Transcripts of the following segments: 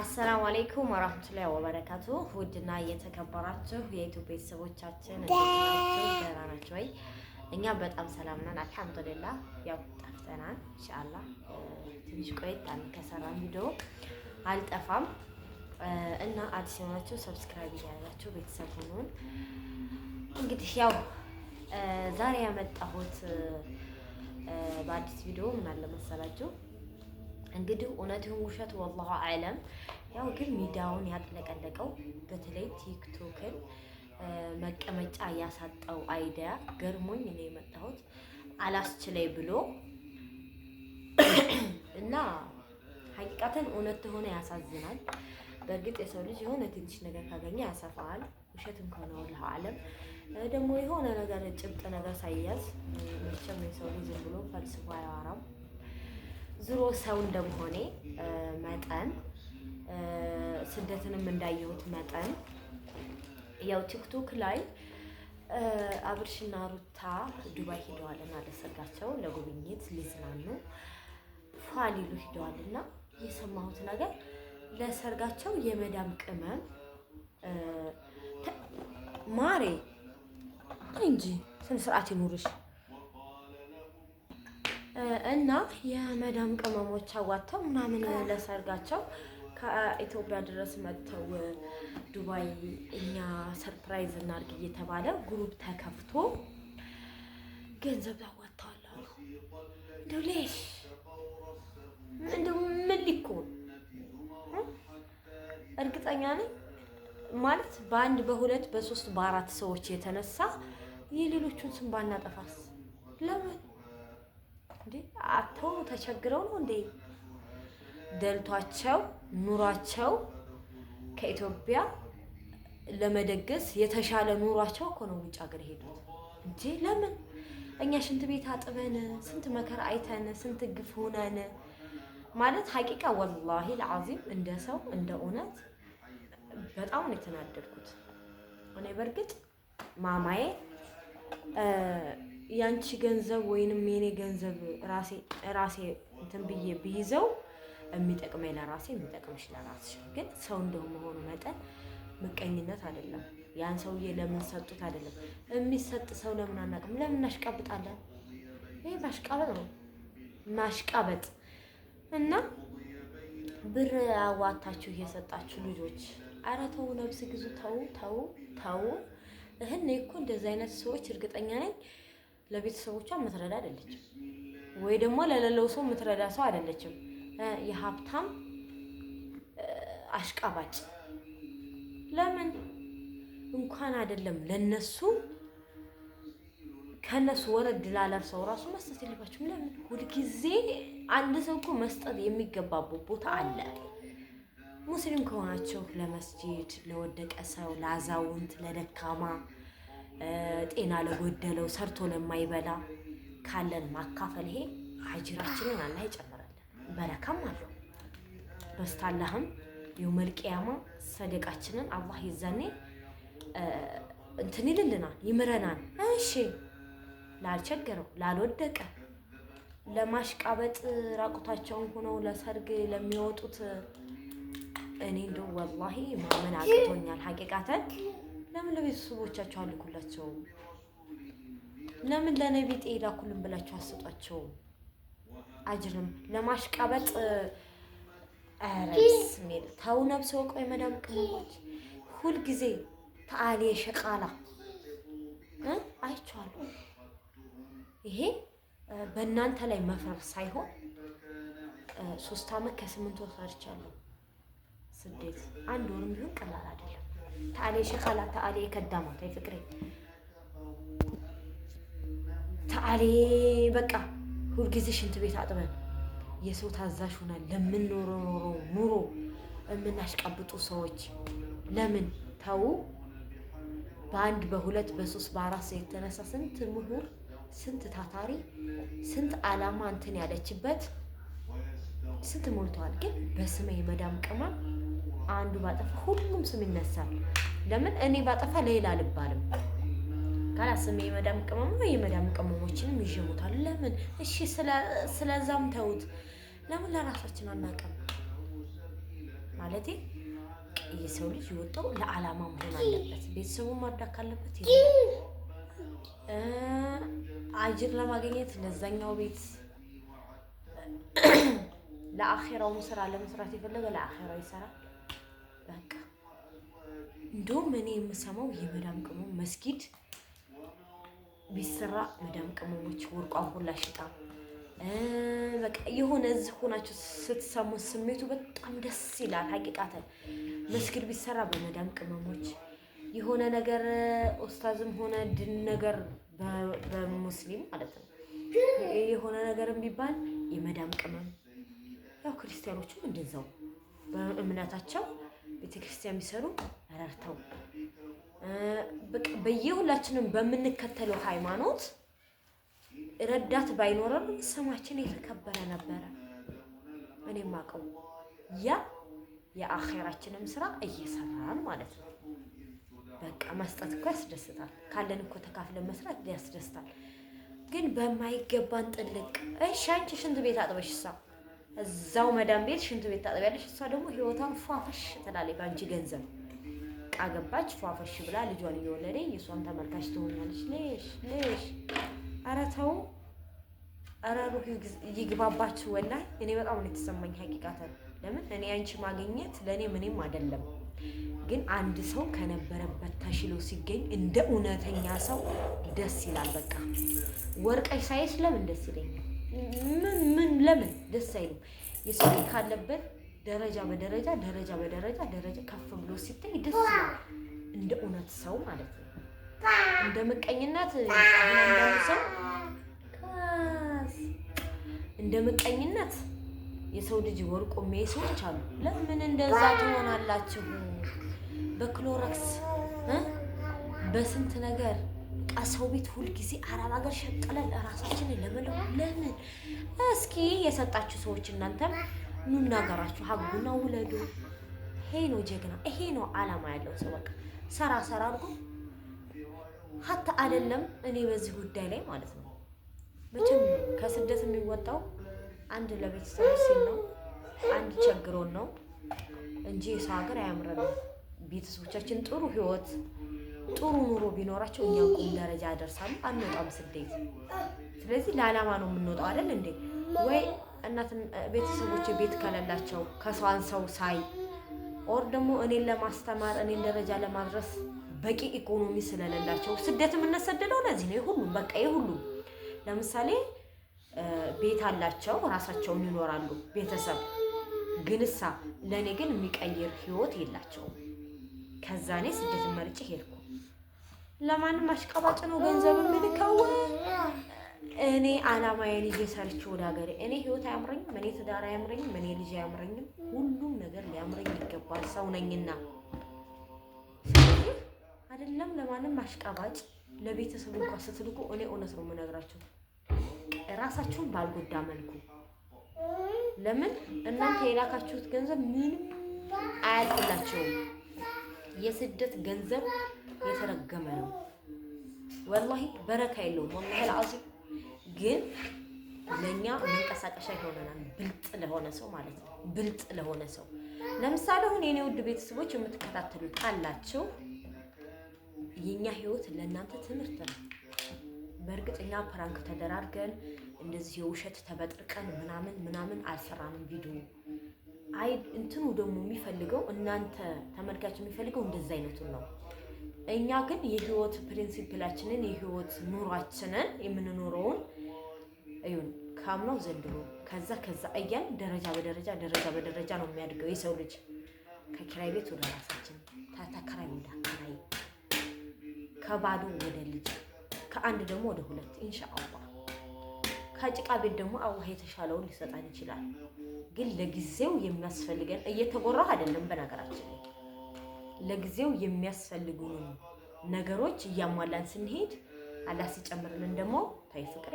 አሰላሙ አሌይኩም ወራህመቱላሂ ወበረካቱ። ውድና እየተከበራችሁ የኢትዮጵያ ቤተሰቦቻችን ደህና ናችሁ ወይ? እኛ በጣም ሰላም ነን አልሐምዱሊላህ። ያው ጠፍተናል፣ ኢንሻአላህ ትንሽ ቆየት ከሰራን ቪዲዮ አልጠፋም እና አዲስ የሆናችሁ ሰብስክራይብ እያደረጋችሁ ቤተሰብ ሁኑን። እንግዲህ ያው ዛሬ ያመጣሁት በአዲስ ቪዲዮ ምን አለ መሰላችሁ እንግዲህ እውነት ውሸት ወላሁ አዕለም። ያው ግን ሚዲያውን ያጥለቀለቀው በተለይ ቲክቶክን መቀመጫ ያሳጣው አይዲያ ገርሞኝ ነው የመጣሁት አላስችለይ ብሎ እና ሀቂቃትን እውነት ተሆነ ያሳዝናል። በእርግጥ የሰው ልጅ የሆነ ትንሽ ነገር ካገኘ ያሰፋዋል። ውሸት ከሆነ ወላሁ አዕለም ደግሞ የሆነ ነገር ጭብጥ ነገር ሳይያዝ መቼም የሰው ልጅ ዝም ብሎ ፈልስፎ አያወራም። ዝሮ ሰው እንደመሆኔ መጠን ስደትንም እንዳየሁት መጠን ያው ቲክቶክ ላይ አብርሽና ሩታ ዱባይ ሄደዋልና ለሰርጋቸው ለጉብኝት ሊዝናኑ ፋሊሉ እና የሰማሁት ነገር ለሰርጋቸው የመዳም ቅመም ማሬ እንጂ ስነ ስርዓት ይኑርሽ። እና የመዳም ቅመሞች አዋጥተው ምናምን ለሰርጋቸው ከኢትዮጵያ ድረስ መጥተው ዱባይ እኛ ሰርፕራይዝ እናድርግ እየተባለ ግሩፕ ተከፍቶ ገንዘብ ያዋጥተዋል አሉ። እንደው ምን ሊኮን እርግጠኛ ነኝ ማለት በአንድ በሁለት በሶስት በአራት ሰዎች የተነሳ የሌሎቹን ስም ባናጠፋስ ለምን እንዴ አተው ተቸግረው ነው እንዴ ደልቷቸው ኑሯቸው ከኢትዮጵያ ለመደገስ የተሻለ ኑሯቸው እኮ ነው ውጭ ሀገር ሄዱት እንጂ ለምን እኛ ሽንት ቤት አጥበን ስንት መከራ አይተን ስንት ግፍ ሆነን ማለት ሀቂቃ ወላሂ ለዓዚም እንደ ሰው እንደ እውነት በጣም ነው የተናደድኩት እኔ በእርግጥ ማማዬ ያንቺ ገንዘብ ወይንም የኔ ገንዘብ ራሴ ራሴ እንትን ብዬ ብይዘው የሚጠቅመኝ ለራሴ የሚጠቅምሽ ለራስሽ። ግን ሰው እንደው መሆኑ መጠን ምቀኝነት አይደለም። ያን ሰውዬ ለምን ሰጡት አይደለም የሚሰጥ ሰው ለምን አናውቅም? ለምን እናሽቃብጣለን? ይህ ማሽቃበጥ ነው ማሽቃበጥ እና ብር አዋታችሁ እየሰጣችሁ ልጆች፣ ኧረ ተው፣ ነብስ ግዙ። ተው ተው ተው። እህን እኮ እንደዚህ አይነት ሰዎች እርግጠኛ ነኝ ለቤተሰቦቿ የምትረዳ አይደለችም፣ ወይ ደግሞ ለሌለው ሰው የምትረዳ ሰው አይደለችም። የሀብታም አሽቃባጭ ለምን እንኳን አይደለም ለነሱ ከነሱ ወረድ ላለር ሰው ራሱ መስጠት የለባችሁም። ለምን ሁልጊዜ አንድ ሰው እኮ መስጠት የሚገባበት ቦታ አለ። ሙስሊም ከሆናቸው ለመስጂድ፣ ለወደቀ ሰው፣ ለአዛውንት፣ ለደካማ ጤና ለጎደለው ሰርቶ ለማይበላ ካለን ማካፈል ይሄ አጅራችንን አላህ ይጨምራለን። በረካም አለው በስታላህም የመልቅያማ ሰደቃችንን አላህ ይዘኔ እንትን ይልልናል፣ ይምረናል። እሺ ላልቸገረው፣ ላልወደቀ፣ ለማሽቃበጥ ራቁታቸውን ሆነው ለሰርግ ለሚወጡት እኔ እንደው ወላሂ ማመን አቅቶኛል ሀቂቃተን ለምን ለቤተሰቦቻቸው አልኩላቸውም? ለምን ለነቢጤ ላኩልን ብላችሁ አሰጣቸው አጅርም ለማሽቀበጥ ረስ ሚል ታው ነብሰ ቆይ መዳም ቅመሞች ሁልጊዜ ተአሌ ሸቃላ አይቼዋለሁ። ይሄ በእናንተ ላይ መፍረር ሳይሆን ሶስት አመት ከስምንት ወር ሰርቻለሁ። ስደት አንድ ወርም ቢሆን ቀላል አይደለም። ታሌ ሸኻላ ታሌ ከዳማ ታይ ፍቅሬ ታሌ በቃ ሁልጊዜ ሽንት ቤት አጥበን የሰው ታዛሽ ሆናል ለምንኖረው ኖሮ ኑሮ የምናሽቀብጡ ሰዎች ለምን ተው። በአንድ በሁለት በሶስት በአራት ሰው የተነሳ ስንት ምሁር ስንት ታታሪ ስንት አላማ እንትን ያለችበት ስንት ሞልተዋል። ግን በስመ የመዳም ቅመም አንዱ ባጠፋ ሁሉም ስም ይነሳል። ለምን እኔ ባጠፋ ሌላ አልባልም። ካላ ስም የመዳም ቅመሙ የመዳም ቅመሞችንም ይሸሙታል። ለምን እሺ፣ ስለዛም ተውት። ለምን ለራሳችን አናውቅም? ማለት የሰው ልጅ የወጣው ለዓላማ መሆን አለበት። ቤተሰቡን ማርዳት ካለበት አጅር ለማግኘት ለዛኛው ቤት ለአኼራውም ስራ ለመስራት የፈለገ ለአኼራው ይሰራል። በቃ እንደውም እኔ የምሰማው የመዳም ቅመም መስጊድ ቢሰራ መዳም ቅመሞች ወርቋ ሁላ ሽጣ በቃ የሆነ እዚህ ሆናችሁ ስትሰሙ ስሜቱ በጣም ደስ ይላል። ሀቂቃተን መስጊድ ቢሰራ በመዳም ቅመሞች የሆነ ነገር ኦስታዝም ሆነ ድን ነገር በሙስሊም ማለት ነው የሆነ ነገር ቢባል የመዳም ቅመም ያው ክርስቲያኖቹም እንደዛው በእምነታቸው ቤተክርስቲያን ቢሰሩ ረርተው በየሁላችንም በምንከተለው ሃይማኖት ረዳት ባይኖረም ስማችን የተከበረ ነበረ። እኔም አውቀው ያ የአኼራችንም ስራ እየሰራን ማለት ነው። በቃ መስጠት እኮ ያስደስታል። ካለን እኮ ተካፍለን መስራት ያስደስታል። ግን በማይገባን ጥልቅ እሺ፣ አንቺ ሽንት ቤት አጥበሽ እሳ እዛው መዳም ቤት ሽንት ቤት ታጠቢያለሽ። እሷ ደግሞ ህይወቷን ፏፈሽ ትላለች በአንቺ ገንዘብ ቃ ፏፈሽ ብላ ልጇን እየወለደ የእሷን ተመልካች ትሆናለች። ሌሽ ሌሽ ኧረ ተው ኧረ ሩህ ይግባባችሁ። ወላሂ እኔ በጣም ነው የተሰማኝ ሀቂቃት። ለምን እኔ አንቺ ማግኘት ለእኔ ምንም አይደለም፣ ግን አንድ ሰው ከነበረበት ተሽሎ ሲገኝ እንደ እውነተኛ ሰው ደስ ይላል። በቃ ወርቀሽ ሳይስ ለምን ደስ ይለኛል ምን ምን ለምን ደስ አይልም? የሰው ካለበት ደረጃ በደረጃ ደረጃ በደረጃ ደረጃ ከፍ ብሎ ሲታይ ደስ እንደ እውነት ሰው ማለት ነው። እንደ ምቀኝነት ሰው እንደ ምቀኝነት የሰው ልጅ ወርቆ የሚያይ ሰዎች አሉ። ለምን እንደዛ ትሆናላችሁ? በክሎረክስ በስንት ነገር በቃ ሰው ቤት ሁልጊዜ አረብ ሀገር ሸቅለን እራሳችንን ለመለው ለምን? እስኪ የሰጣችሁ ሰዎች እናንተም ኑ እናገራችሁ፣ ሀጉና ውለዱ። ይሄ ነው ጀግና፣ ይሄ ነው አላማ ያለው ሰው። በቃ ሰራ ሰራ አድርጎ ሀታ አይደለም። እኔ በዚህ ጉዳይ ላይ ማለት ነው መቼም ከስደት የሚወጣው አንድ ለቤተሰብ ሲል ነው፣ አንድ ቸግሮን ነው እንጂ የሰው ሀገር አያምረንም። ቤተሰቦቻችን ጥሩ ህይወት ጥሩ ኑሮ ቢኖራቸው እኛ ቁም ደረጃ ያደርሳሉ። አንወጣም ስደት። ስለዚህ ለዓላማ ነው የምንወጣው አይደል እንዴ? ወይ እናት ቤተሰቦች ቤት ከሌላቸው ከሰዋን ሰው ሳይ ኦር ደግሞ እኔን ለማስተማር እኔን ደረጃ ለማድረስ በቂ ኢኮኖሚ ስለሌላቸው ስደት የምንሰደደው ለዚህ ነው። ሁሉም በቃ የሁሉም ለምሳሌ ቤት አላቸው፣ ራሳቸውን ይኖራሉ፣ ቤተሰብ ግንሳ ለእኔ ግን የሚቀይር ህይወት የላቸውም። ከዛ እኔ ስደትን መርጬ ሄድኩ። ለማንም አሽቀባጭ ነው ገንዘብ የሚልከው። እኔ አላማዬ ልጄ ወደ ሀገሬ። እኔ ህይወት አያምረኝም፣ እኔ ትዳር አያምረኝም፣ እኔ ልጅ አያምረኝም። ሁሉም ነገር ሊያምረኝ ይገባል ሰው ነኝና። ስለዚህ አይደለም ለማንም አሽቀባጭ፣ ለቤተሰብ እንኳ ስትልኩ እኔ እውነት ነው የምነግራቸው ራሳችሁን ባልጎዳ መልኩ። ለምን እናንተ የላካችሁት ገንዘብ ምንም አያልፍላቸውም። የስደት ገንዘብ የተረገመ ነው። ወላሂ በረካ የለውም። ወላሂ አልዓዚም ግን ለእኛ መንቀሳቀሻ ይሆነናል። ብልጥ ለሆነ ሰው ማለት ነው። ብልጥ ለሆነ ሰው ለምሳሌ አሁን የኔ ውድ ቤተሰቦች የምትከታተሉት አላቸው። የእኛ ህይወት ለእናንተ ትምህርት ነው። በእርግጥ እኛ ፕራንክ ተደራርገን እንደዚህ የውሸት ተበጥርቀን ምናምን ምናምን አልሰራንም ቪዲዮ አይ እንትኑ ደግሞ የሚፈልገው እናንተ ተመልካች የሚፈልገው እንደዛ አይነቱን ነው። እኛ ግን የህይወት ፕሪንሲፕላችንን የህይወት ኑሯችንን የምንኖረውን እዩን ከአምናው ዘንድሮ ከዛ ከዛ እያን ደረጃ በደረጃ ደረጃ በደረጃ ነው የሚያድገው የሰው ልጅ ከኪራይ ቤት ወደ ራሳችን ተከራይ ወደ አከራይ ከባዶ ወደ ልጅ ከአንድ ደግሞ ወደ ሁለት ኢንሻአላ ከጭቃ ቤት ደግሞ አላህ የተሻለውን ሊሰጣን ይችላል። ግን ለጊዜው የሚያስፈልገን እየተጎራህ አይደለም በነገራችን ለጊዜው የሚያስፈልጉን ነገሮች እያሟላን ስንሄድ አላህ ሲጨምርልን ደግሞ ታይ ፍቅሬ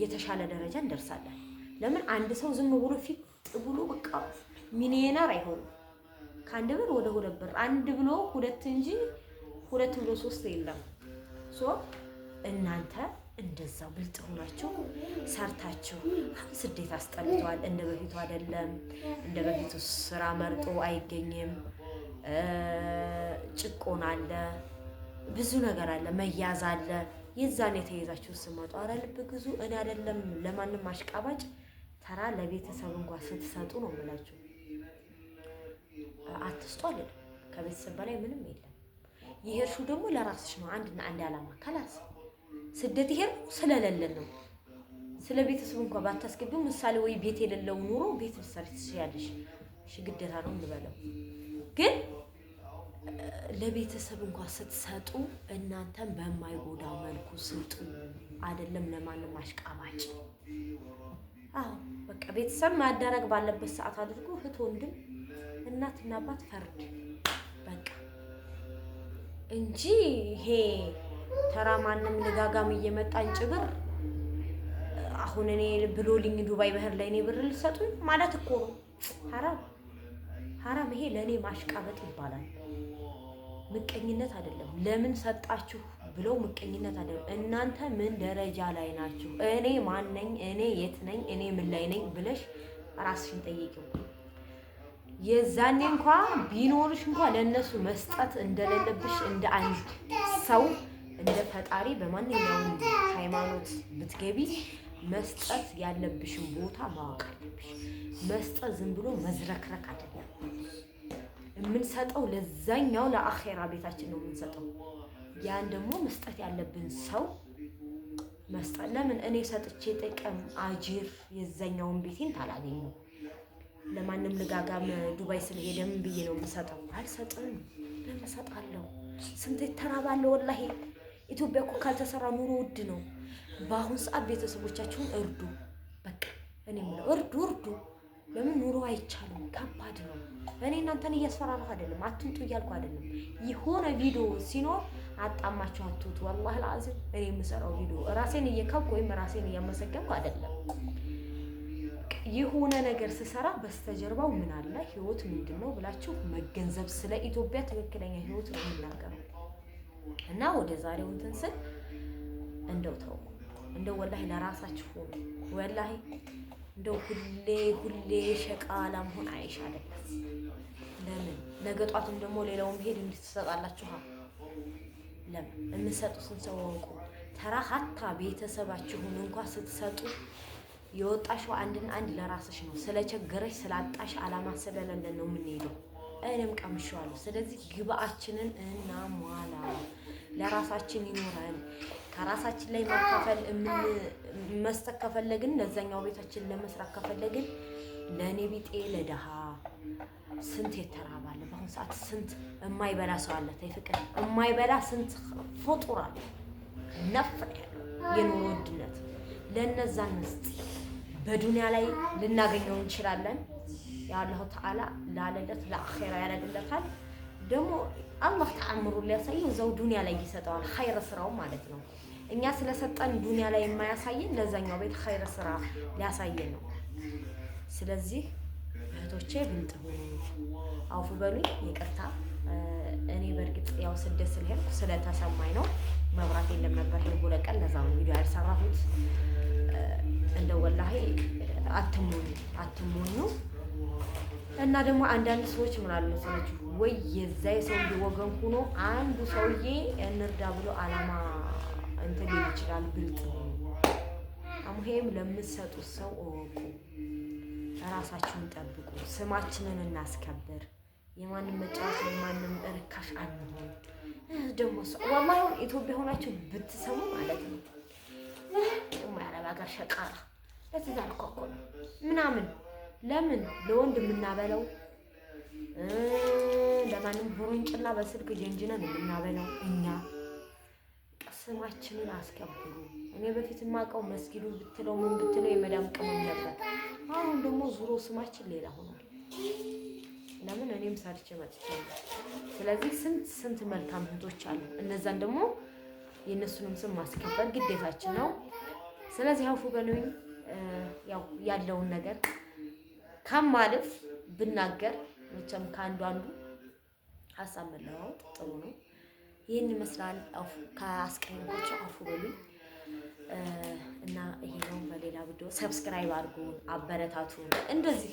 የተሻለ ደረጃ እንደርሳለን። ለምን አንድ ሰው ዝም ብሎ ፊት ብሎ በቃ ሚሊዮነር አይሆንም። ከአንድ ብር ወደ ሁለት ብር አንድ ብሎ ሁለት እንጂ ሁለት ብሎ ሶስት የለም። ሶ እናንተ እንደዛው ብልጥ ሆናችሁ ሰርታችሁ ስደት አስጠልተዋል። እንደ በፊቱ አይደለም። እንደ በፊቱ ስራ መርጦ አይገኝም። ጭቆን አለ፣ ብዙ ነገር አለ፣ መያዝ አለ። የዛን የተይዛችሁ ስመጡ አረ ልብ ግዙ። እኔ አይደለም ለማንም አሽቃባጭ ተራ ለቤተሰብ እንኳ ስትሰጡ ነው የምላችሁ። አትስጡ አልልም። ከቤተሰብ በላይ ምንም የለም። የሄድሽው ደግሞ ለራስሽ ነው። አንድና አንድ ዓላማ ከላስ ስደት ይሄር ስለሌለን ነው። ስለ ቤተሰብ እንኳ ባታስገቢው ምሳሌ ወይ ቤት የሌለው ኑሮ ቤት ሰርች ትችያለሽ። ግዴታ ነው እንበለው ግን ለቤተሰብ እንኳን ስትሰጡ እናንተን በማይጎዳ መልኩ ስጡ። አይደለም ለማንም አሽቃባጭ። አዎ በቃ ቤተሰብ ማደረግ ባለበት ሰዓት አድርጎ እህት፣ ወንድም፣ እናትና አባት ፈርድ በቃ እንጂ ይሄ ተራ ማንም ልጋጋም እየመጣን ጭብር አሁን እኔ ብሎልኝ ዱባይ ባህር ላይ እኔ ብር ልሰጡኝ ማለት እኮ ነው። ሀራም ይሄ ለእኔ ማሽቃበጥ ይባላል። ምቀኝነት አይደለም። ለምን ሰጣችሁ ብለው ምቀኝነት አይደለም። እናንተ ምን ደረጃ ላይ ናችሁ? እኔ ማን ነኝ? እኔ የት ነኝ? እኔ ምን ላይ ነኝ ብለሽ ራስሽን ጠይቂው። የዛኔ እንኳ ቢኖርሽ እንኳ ለእነሱ መስጠት እንደሌለብሽ እንደ አንድ ሰው እንደ ፈጣሪ በማንኛውም ሃይማኖት ብትገቢ መስጠት ያለብሽን ቦታ ማወቅ አለብሽ። መስጠት ዝም ብሎ መዝረክረክ አይደለም። የምንሰጠው ለዛኛው ለአኼራ ቤታችን ነው የምንሰጠው። ያን ደግሞ መስጠት ያለብን ሰው መስጠት ለምን እኔ ሰጥቼ ጥቅም አጅር የዛኛውን ቤቴን ታላገኘው ለማንም ልጋጋም ዱባይ ስለሄደም ብዬ ነው የምሰጠው። አልሰጥም። ለምን እሰጣለሁ? ስንት ተራባለ ወላሂ። ኢትዮጵያ እኮ ካልተሰራ ኑሮ ውድ ነው። በአሁን ሰዓት ቤተሰቦቻችሁን እርዱ። በቃ እኔ የምለው እርዱ እርዱ። ለምን ኑሮ አይቻልም፣ ከባድ ነው። እኔ እናንተን እያስፈራራሁ አይደለም፣ አትምጡ እያልኩ አይደለም። የሆነ ቪዲዮ ሲኖር አጣማችሁ አትውጡ። ወላሂ አልዓዚም እኔ የምሰራው ቪዲዮ ራሴን እየከብኩ ወይም ራሴን እያመሰገንኩ አይደለም። የሆነ ነገር ስሰራ በስተጀርባው ምን አለ ህይወት ምንድን ነው ብላችሁ መገንዘብ፣ ስለ ኢትዮጵያ ትክክለኛ ህይወት ነው የምናገረው እና ወደ ዛሬው እንትን ስል እንደው ተው እንደው ወላሂ ለራሳችሁ ሆኑ። ወላሂ እንደው ሁሌ ሁሌ ሸቃላ መሆን አይሻ አይደለም። ለምን ነገ ጧቱም ደግሞ ሌላው መሄድ እንድትሰጣላችሁ ለምን የምትሰጡትን ሰው አውቁ። ተራ ሀታ ቤተሰባችሁን እንኳ ስትሰጡ የወጣሽው አንድን አንድ ለራስሽ ነው። ስለቸገረሽ ስላጣሽ አላማ ስለሌለን ነው የምንሄደው። እኔም ቀምሼዋለሁ። ስለዚህ ግብአችንን እናሟላ፣ ለራሳችን ይኖረን። ከራሳችን ላይ ማካፈል መስጠት ከፈለግን ለዛኛው ቤታችን ለመስራት ከፈለግን ለእኔ ቢጤ ለድሃ ስንት የተራባለ በአሁኑ ሰዓት ስንት የማይበላ ሰው አለ። ተይ ፍቅር የማይበላ ስንት ፍጡር አለ። ነፍ የኑሮ ውድነት ንስጥ በዱንያ ላይ ልናገኘው እንችላለን። የአላሁ ተዓላ ላለለት ለአኼራ ያደርግለታል። ደግሞ አላህ ተአምሩ ሊያሳየው እዛው ዱንያ ላይ ይሰጠዋል። ሀይረ ስራው ማለት ነው። እኛ ስለሰጠን ዱኒያ ላይ የማያሳየን ለዛኛው ቤት ኸይር ስራ ሊያሳየን ነው። ስለዚህ እህቶቼ ብንጥሁ አውፉ በሉኝ። ይቅርታ እኔ በእርግጥ ያው ስደት ስለሄድኩ ስለተሰማኝ ነው። መብራት የለም ነበር ይሄ ሁለት ቀን፣ ለዛ ነው ቪዲዮ ያልሰራሁት። እንደ ወላሂ አትሞኙ፣ አትሞኙ። እና ደግሞ አንዳንድ ሰዎች ምን አሉ መሰላችሁ ወይ የዛ የሰውዬ ወገን ሆኖ አንዱ ሰውዬ እንርዳ ብሎ አላማ እንትን ሊል ይችላል። ግልጽ አሙሄም ለምትሰጡት ሰው እወቁ፣ ራሳችሁን ጠብቁ፣ ስማችንን እናስከብር። የማንም መጫወት የማንም እርካሽ አንሆን። ደግሞ ዋማሁን ኢትዮጵያ ሆናችሁ ብትሰሙ ማለት ነው የማያረባ ጋር ሸቃራ ለትዳር እኮ ነው ምናምን ለምን ለወንድ የምናበለው ለማንም ቦሮንጭና በስልክ ጀንጅነን የምናበለው እኛ ስማችንን አስከብሩ እኔ በፊት የማውቀው መስጊዱ ብትለው ምን ብትለው የመዳም ቅመም ነበር። አሁን ደግሞ ዙሮ ስማችን ሌላ ሆኗል። ለምን እኔም ሰርቼ መጥቻለሁ። ስለዚህ ስንት ስንት መልካም እህቶች አሉ። እነዛን ደግሞ የእነሱንም ስም ማስከበር ግዴታችን ነው። ስለዚህ አፉ በሉኝ። ያው ያለውን ነገር ከማልፍ ብናገር መቼም ከአንዱ አንዱ ሀሳብ መለዋወጥ ጥሩ ነው። ይህን ይመስላል። ከአስቀኝቦች አፉ በሉኝ እና ይሄ ነው። በሌላ ቪዲዮ ሰብስክራይብ አድርጉ፣ አበረታቱ። እንደዚህ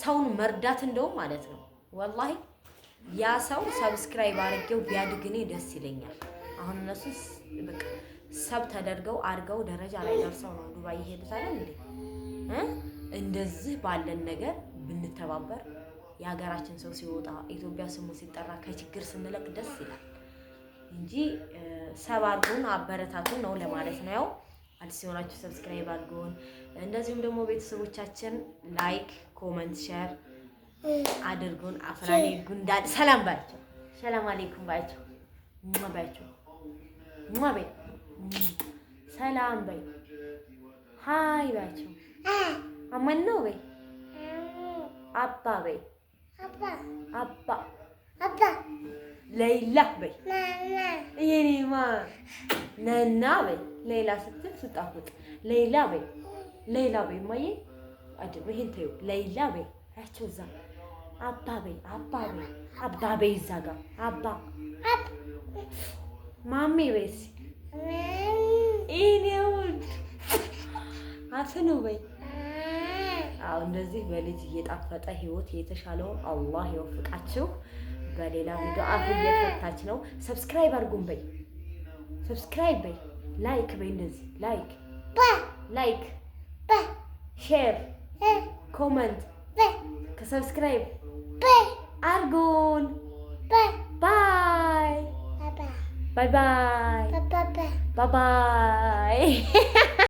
ሰውን መርዳት እንደውም ማለት ነው ወላሂ ያ ሰው ሰብስክራይብ አድርጌው ቢያድግኔ ደስ ይለኛል። አሁን እነሱ ሰብ ተደርገው አድርገው ደረጃ ላይ ደርሰው ነው ዱባይ ይሄዱት እንዴ? እንደዚህ ባለን ነገር ብንተባበር የሀገራችን ሰው ሲወጣ ኢትዮጵያ ስሙ ሲጠራ ከችግር ስንለቅ ደስ ይላል። እንጂ ሰባርጉን አበረታቱን ነው ለማለት ነው። ያው አዲስ የሆናችሁ ሰብስክራይብ አድርጉን። እንደዚሁም ደግሞ ቤተሰቦቻችን ላይክ፣ ኮመንት፣ ሼር አድርጉን። አፍራኔ ጉንዳድ ሰላም ባያቸው፣ ሰላም አለይኩም ባያቸው፣ ሙማ ባያቸው፣ ሙማ በይ፣ ሰላም በይ፣ ሀይ ባያቸው፣ ነው በይ፣ አባ በይ፣ አባ ለይላ በይ የኔማ ነና በይ ለይላ ስትል ስጣፍጥ ለይላ በይ ለይላ በይ እማዬ ይሄን ተይው ለይላ በይ ያቸው እዛ አባ በይ አባ በይ አባ በይ እዛ ጋር አባ ማሜ በይ እስኪ ይኔውን በይ አዎ እንደዚህ በልጅ እየጣፈጠ ህይወት የተሻለውን አላህ ይወፍቃችሁ በሌላ ቪዲዮ አፍ እየፈታች ነው። ሰብስክራይብ አድርጉን በይ፣ ሰብስክራይብ በይ፣ ላይክ በይ፣ እንደዚህ ላይክ ላይክ፣ ሼር፣ ኮመንት ከሰብስክራይብ አድርጉን። ባይ ባይ ባይ ባይ